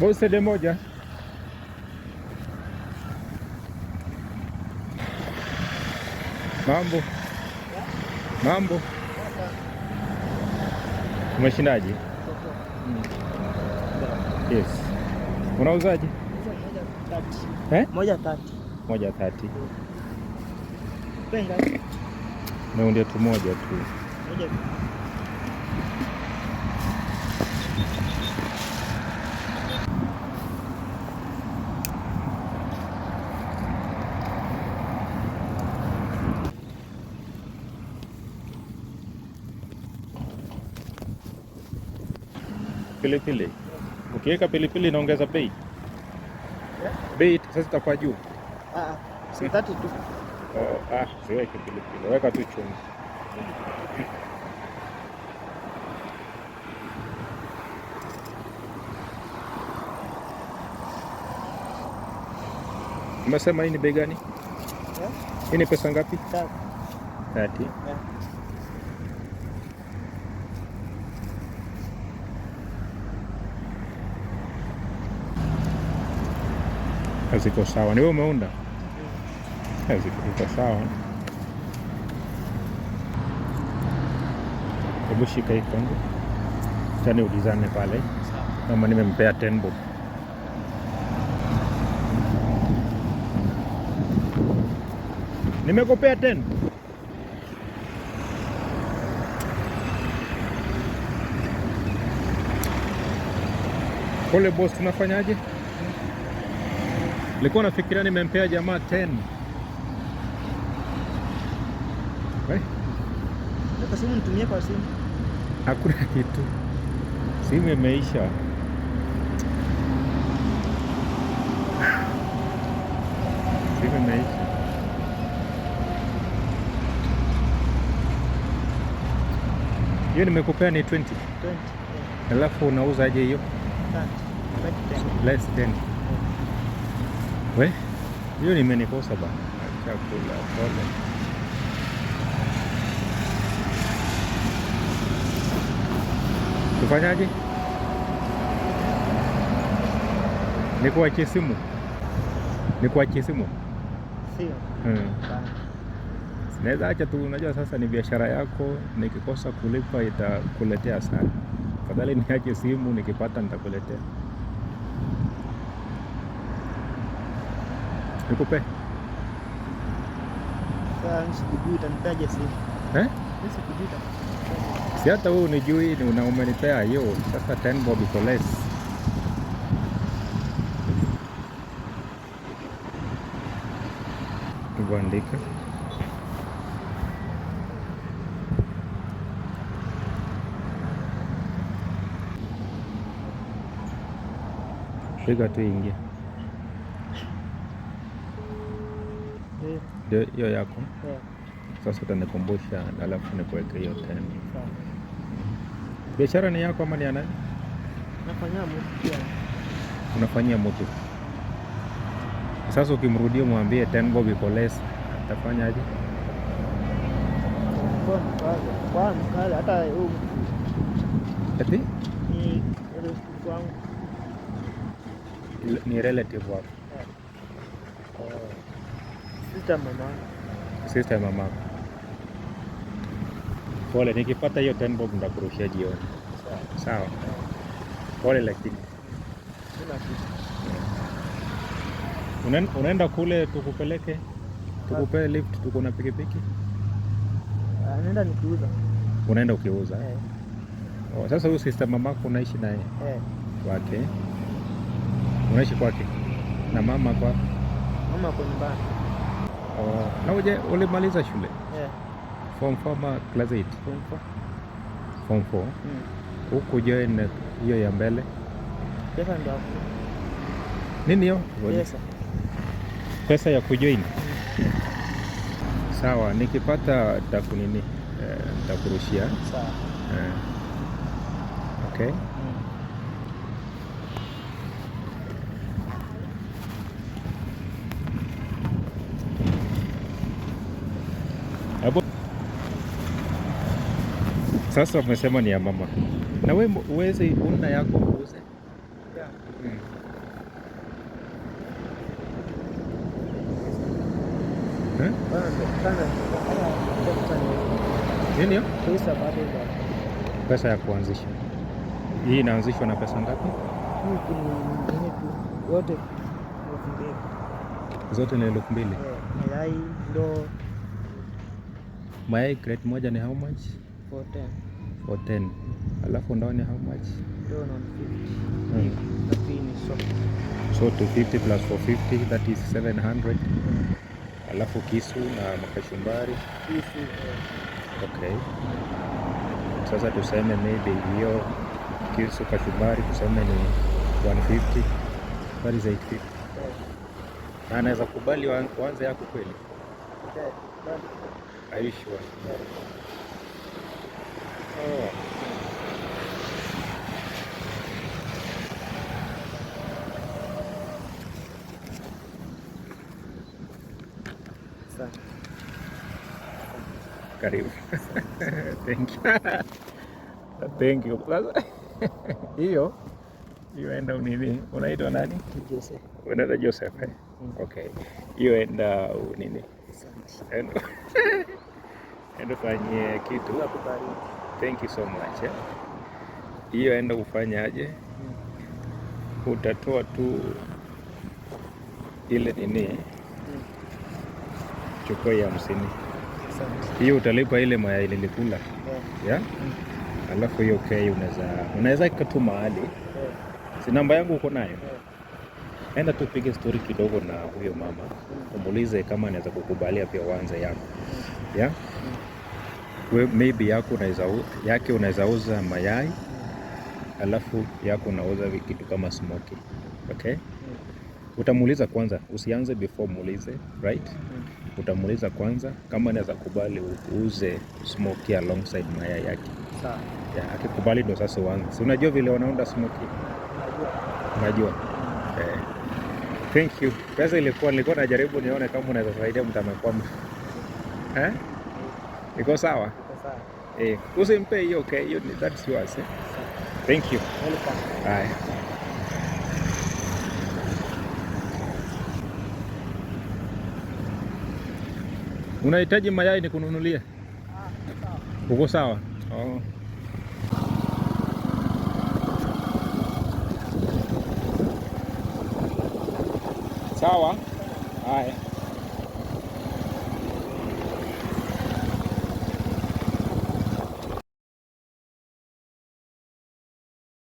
bosede moja mambo mambo, umeshindaje? Hmm. Yes, unauzaje? Eh? Moja tati, moja tati. Naundia tu moja tu. pilipili. Ukiweka pilipili inaongeza bei, bei sasa itakuwa juu. Ah, ah, oh, ah, Siweke pilipili, weka tu chumvi. Umesema hii ni bei gani? Eh? Hii ni pesa ngapi? 30. haziko sawa. Ni wewe umeunda, haziko sawa. Hebu shika hii kongo tani ulizane pale, kama nimempea tenbo nimekopea ten pole boss, tunafanyaje? Nilikuwa nafikiria nimempea jamaa 10. Eh? Kwa simu nitumie kwa simu. Hakuna kitu, simu imeisha. Simu imeisha. Hiyo nimekupea ni 20. 20. Alafu unauza aje hiyo? Less than. 10 we hiyo nimenikosa bana chakula pole. Tufanyaje? Nikuachie simu, nikuachie simu hmm. Naweza acha tu, unajua sasa ni biashara yako, nikikosa kulipa itakuletea sana. Fadhali niache simu, nikipata nitakuletea. Nikupe eh? Si hata wewe unijui, ni umenipea hiyo sasa, ten bob iko less. Tuandika shiga tu ingia hiyo yako yeah. Sasa utanikumbusha alafu nikuweke hiyo tena. Biashara ni yako ama ni ya nani? Unafanyia mtu. Sasa ukimrudia mwambie ten bob iko less, atafanyaje? ni relative wako sister mama. Sister mama. Pole, nikipata hiyo ten bob ndakurushia jioni. Sawa. Pole lakini. Unaenda kule tukupeleke? Tukupe lift, tuko na pikipiki? Ah, naenda nikiuza. Unaenda ukiuza? Eh. Oh, sasa huyu sister mamako unaishi naye? Eh. Kwake. Unaishi kwake? Na mama kwa? Mama kwa nyumbani oh. Nakuja ole maliza shule yeah. Form 4 ma class 8 form 4 Form 4. Hmm. huku join hiyo ya mbele Pesa nini hiyo yes, pesa ya kujoin mm. Sawa, nikipata takunini eh, takurushia. Sawa. Eh. Okay. Sasa umesema ni ya mama, na we uweze una yako uuze hmm. Nini? Pesa ya kuanzisha hii inaanzishwa na pesa ngapi? Zote ni elfu mbili. Mayai crate moja ni how much? 410. 410. Alafu ndani how much? Down on 50. Hmm. So 250 plus 450 that is 700. Alafu kisu na makashumbari. Kisu. Eh. Okay. Sasa tuseme maybe hiyo kisu kashumbari tuseme ni 150. That is 850. Na eh. anaweza kubali kuanza yako kweli? Eh, Are you sure? Yeah. Karibu. Thank you. Thank you. Sasa hiyo hiyo enda unini? Unaitwa nani? Joseph. Unaitwa Joseph eh? Mm. Okay. Hiyo enda unini? Asante. Enda fanyie kitu. Akubariki. Thank you so much. Hiyo aenda kufanyaje? Utatoa tu ile nini, mm. chukua ya hamsini hiyo utalipa ile mayai nilikula ya mm. Alafu hiyo okay, unaweza unaweza katu mahali, si namba yangu uko nayo Enda tupige stori kidogo na huyo mama, mm. umulize kama anaweza kukubalia pia wanze yako yeah we, maybe yako unaweza yake unaweza uza mayai alafu yako unauza kitu kama smoky. Okay? Utamuuliza kwanza, usianze before muulize, right? Utamuuliza kwanza kama anaweza kubali uuze smoky alongside mayai yake. Sawa. Yeah, akikubali ndo sasa uanze. Si unajua vile wanaunda smoky? Unajua? Eh. Thank you. Sasa ilikuwa nilikuwa najaribu nione kama unaweza saidia mtu amekwama. Eh? Iko sawa? Eh, usimpe hiyo okay, hiyo ni that's yours. Eh. Thank you. Welcome. Bye. Unahitaji mayai nikununulie? Ah, uko sawa? Oh. Sawa. Haya.